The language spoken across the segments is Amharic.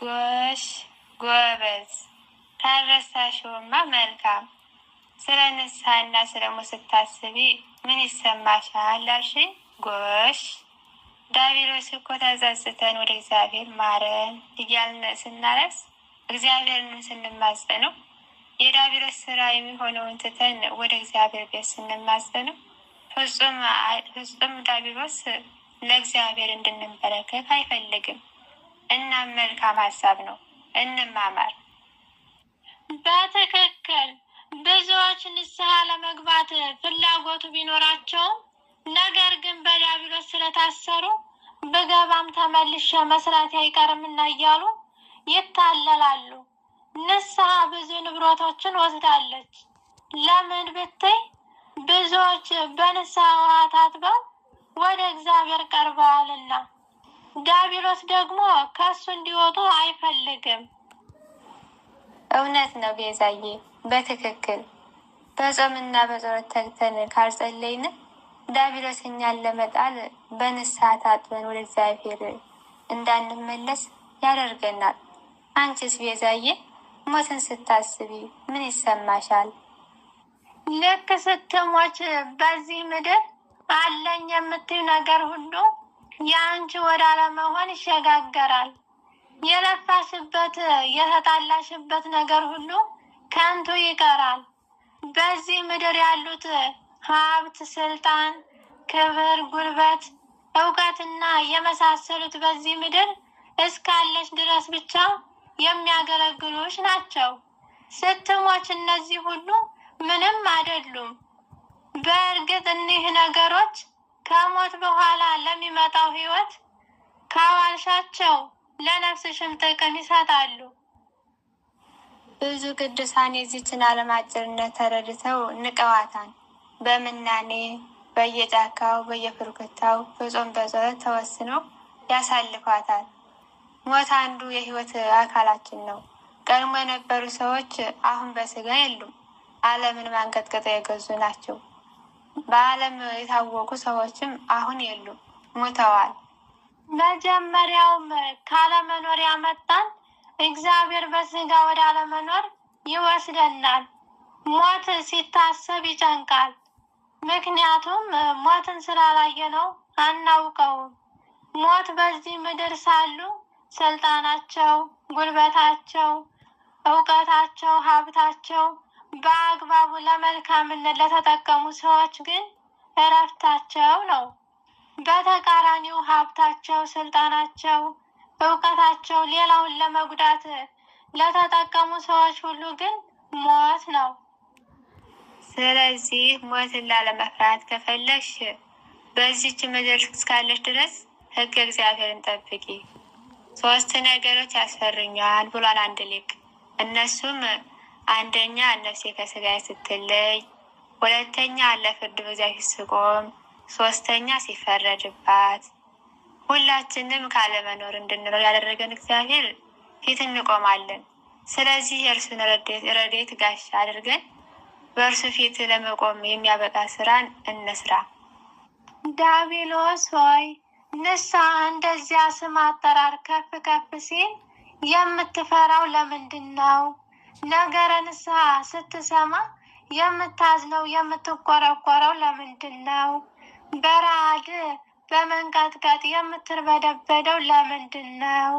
ጎሽ፣ ጎበዝ። ታረሳሽውማ መልካም። ስለ ንስሐና ስለ ሞት ስታስቢ ምን ይሰማሻል አልሽኝ? ጎሽ ዳቢሎስ እኮ ተጸጽተን ወደ እግዚአብሔር ማረን እያልን ስናለቅስ እግዚአብሔርን ስንማጸነው የዳቢሎስ ስራ የሚሆነውን ትተን ወደ እግዚአብሔር ቤት ስንማጸነው ፍጹም ዳቢሎስ ለእግዚአብሔር እንድንበረከት አይፈልግም። እና መልካም ሀሳብ ነው። እንማማር። በትክክል ብዙዎች ንስሐ ለመግባት ፍላጎቱ ቢኖራቸውም ነገር ግን በዲያብሎስ ስለታሰሩ ብገባም ተመልሼ መስራት አይቀርምና እያሉ ይታለላሉ። ንስሐ ብዙ ንብረቶችን ወስዳለች። ለምን ብትይ ብዙዎች በንስሐ ውሃ ታጥበው ወደ እግዚአብሔር ቀርበዋልና። ዳቢሮስ ደግሞ ከሱ እንዲወጡ አይፈልግም። እውነት ነው ቤዛዬ፣ በትክክል በጾምና በጸሎት ተግተን ካልጸለይን ዲያብሎስ እኛን ለመጣል በንስሐ ታጥበን ወደ እግዚአብሔር እንዳንመለስ ያደርገናል። አንቺስ ቤዛዬ ሞትን ስታስቢ ምን ይሰማሻል? ልክ ስትሞች በዚህ ምድር አለኝ የምትዩ ነገር ሁሉ የአንቺ ወደ አለመሆን ይሸጋገራል። የለፋሽበት የተጣላሽበት ነገር ሁሉ ከንቱ ይቀራል። በዚህ ምድር ያሉት ሀብት፣ ስልጣን፣ ክብር፣ ጉልበት፣ እውቀትና የመሳሰሉት በዚህ ምድር እስካለሽ ድረስ ብቻ የሚያገለግሉሽ ናቸው። ስትሞች እነዚህ ሁሉ ምንም አይደሉም። በእርግጥ እኒህ ነገሮች ከሞት በኋላ ለሚመጣው ሕይወት ካዋልሻቸው ለነፍስሽም ጥቅም ይሰጣሉ። ብዙ ቅዱሳን የዚችን ዓለም አጭርነት ተረድተው ንቀዋታን በምናኔ በየጫካው በየፍርክታው በጾም በጸሎት ተወስኖ ያሳልፏታል። ሞት አንዱ የህይወት አካላችን ነው። ቀድሞ የነበሩ ሰዎች አሁን በስጋ የሉም፣ ዓለምን ማንቀጥቀጥ የገዙ ናቸው። በዓለም የታወቁ ሰዎችም አሁን የሉም፣ ሞተዋል። መጀመሪያውም ካለመኖር ያመጣን እግዚአብሔር በስጋ ወደ አለመኖር ይወስደናል። ሞት ሲታሰብ ይጨንቃል። ምክንያቱም ሞትን ስላላየ ነው፣ አናውቀውም። ሞት በዚህ ምድር ሳሉ ስልጣናቸው፣ ጉልበታቸው፣ እውቀታቸው፣ ሀብታቸው በአግባቡ ለመልካምነት ለተጠቀሙ ሰዎች ግን እረፍታቸው ነው። በተቃራኒው ሀብታቸው፣ ስልጣናቸው፣ እውቀታቸው ሌላውን ለመጉዳት ለተጠቀሙ ሰዎች ሁሉ ግን ሞት ነው። ስለዚህ ሞትን ላለመፍራት ከፈለሽ በዚች ምድር እስካለች ድረስ ህግ እግዚአብሔርን ጠብቂ። ሶስት ነገሮች ያስፈርኛል ብሏል አንድ ሊቅ እነሱም አንደኛ ነፍሴ ከስጋዬ ስትለይ፣ ሁለተኛ ለፍርድ በእግዚአብሔር ስቆም፣ ሶስተኛ ሲፈረድባት። ሁላችንም ካለመኖር እንድንኖር ያደረገን እግዚአብሔር ፊት እንቆማለን። ስለዚህ የእርሱን ረድኤት ጋሻ አድርገን በእርሱ ፊት ለመቆም የሚያበቃ ስራን እንስራ። ዲያብሎስ ሆይ ንስሐ እንደዚያ ስም አጠራር ከፍ ከፍ ሲል የምትፈራው ለምንድን ነው? ነገረ ንስሐ ስትሰማ የምታዝነው የምትቆረቆረው ለምንድን ነው? በረአድ በመንቀጥቀጥ የምትርበደበደው ለምንድን ነው?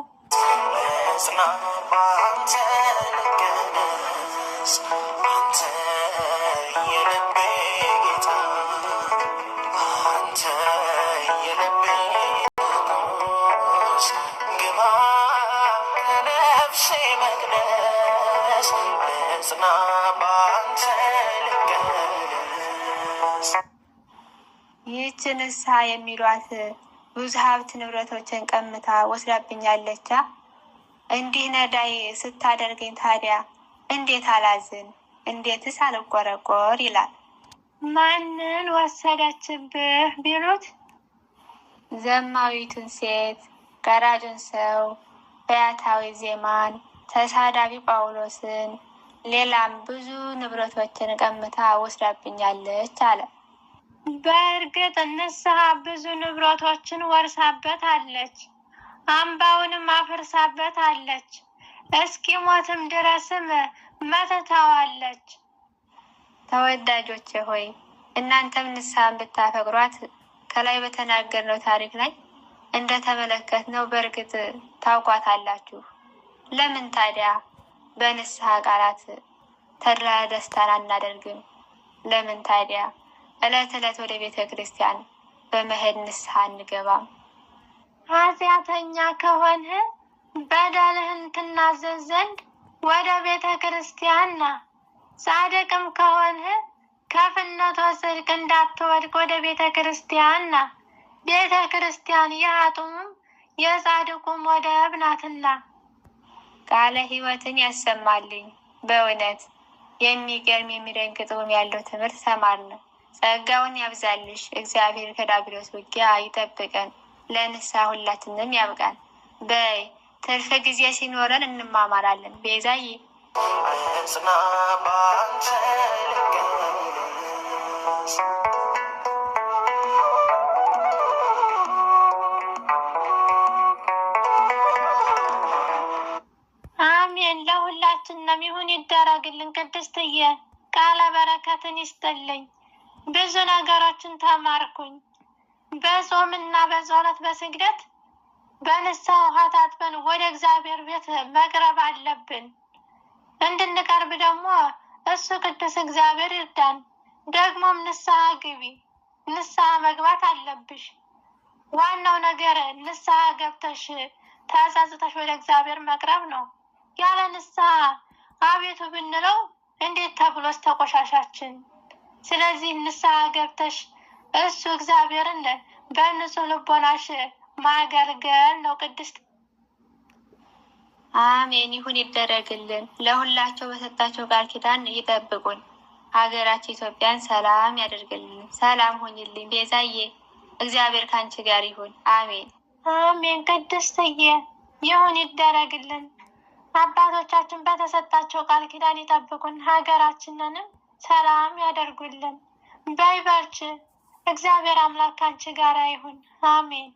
ይህችን ንስሐ የሚሏት ብዙ ሀብት ንብረቶችን ቀምታ ወስዳብኛለቻ። እንዲህ ነዳይ ስታደርገኝ ታዲያ እንዴት አላዝን? እንዴትስ አልቆረቆር? ይላል። ማንን ወሰደችብህ ቢሉት ዘማዊቱን ሴት፣ ገራጁን ሰው፣ በያታዊ ዜማን፣ ተሳዳቢ ጳውሎስን ሌላም ብዙ ንብረቶችን ቀምታ ወስዳብኛለች አለ። በእርግጥ እንስሀ ብዙ ንብረቶችን ወርሳበት አለች። አምባውንም አፍርሳበት አለች። እስኪ ሞትም ድረስም መትታዋለች። ተወዳጆቼ ሆይ እናንተም ንስሀን ብታፈቅሯት ከላይ በተናገርነው ታሪክ ላይ እንደተመለከትነው በእርግጥ ታውቋታላችሁ። ለምን ታዲያ በንስሐ ቃላት ተድላ ደስታን አናደርግም? ለምን ታዲያ ዕለት ዕለት ወደ ቤተ ክርስቲያን በመሄድ ንስሐ አንገባም። ኃጢአተኛ ከሆንህ በደልህን ትናዘዝ ዘንድ ወደ ቤተ ክርስቲያን ና። ጻድቅም ከሆንህ ከፍነቶ ጽድቅ እንዳትወድቅ ወደ ቤተ ክርስቲያን ና። ቤተ ክርስቲያን የኃጥኡም የጻድቁም ወደብ ናትና። ቃለ ሕይወትን ያሰማልኝ። በእውነት የሚገርም የሚደንቅ ጥዑም ያለው ትምህርት ነው። ጸጋውን ያብዛልሽ። እግዚአብሔር ከዳብሎት ውጊያ ይጠብቀን፣ ለንሳ ሁላችንም ያብቃን። በይ ትርፍ ጊዜ ሲኖረን እንማማራለን። ቤዛዬ ይሁን ይደረግልን። ቅድስትዬ ቃለ በረከትን ይስጥልኝ። ብዙ ነገሮችን ተማርኩኝ። በጾም እና በጸሎት በስግደት በንስሐ ውሃ ታጥበን ወደ እግዚአብሔር ቤት መቅረብ አለብን። እንድንቀርብ ደግሞ እሱ ቅዱስ እግዚአብሔር ይርዳን። ደግሞም ንስሐ ግቢ፣ ንስሐ መግባት አለብሽ። ዋናው ነገር ንስሐ ገብተሽ ተጸጽተሽ ወደ እግዚአብሔር መቅረብ ነው። ያለ ንስሐ ቤቱ ብንለው እንዴት ተብሎስ ተቆሻሻችን? ስለዚህ ንስሐ ገብተሽ እሱ እግዚአብሔርን በንጹህ ልቦናሽ ማገልገል ነው። ቅድስት አሜን ይሁን ይደረግልን። ለሁላቸው በሰጣቸው ቃል ኪዳን ይጠብቁን። ሀገራችን ኢትዮጵያን ሰላም ያደርግልን። ሰላም ሆኝልን ቤዛዬ፣ እግዚአብሔር ከአንቺ ጋር ይሁን። አሜን አሜን። ቅድስትዬ ይሁን ይደረግልን አባቶ ሁላችሁም በተሰጣቸው ቃል ኪዳን ይጠብቁን፣ ሀገራችንንም ሰላም ያደርጉልን። ባይባርች እግዚአብሔር አምላክ ካንቺ ጋር ይሁን፣ አሜን።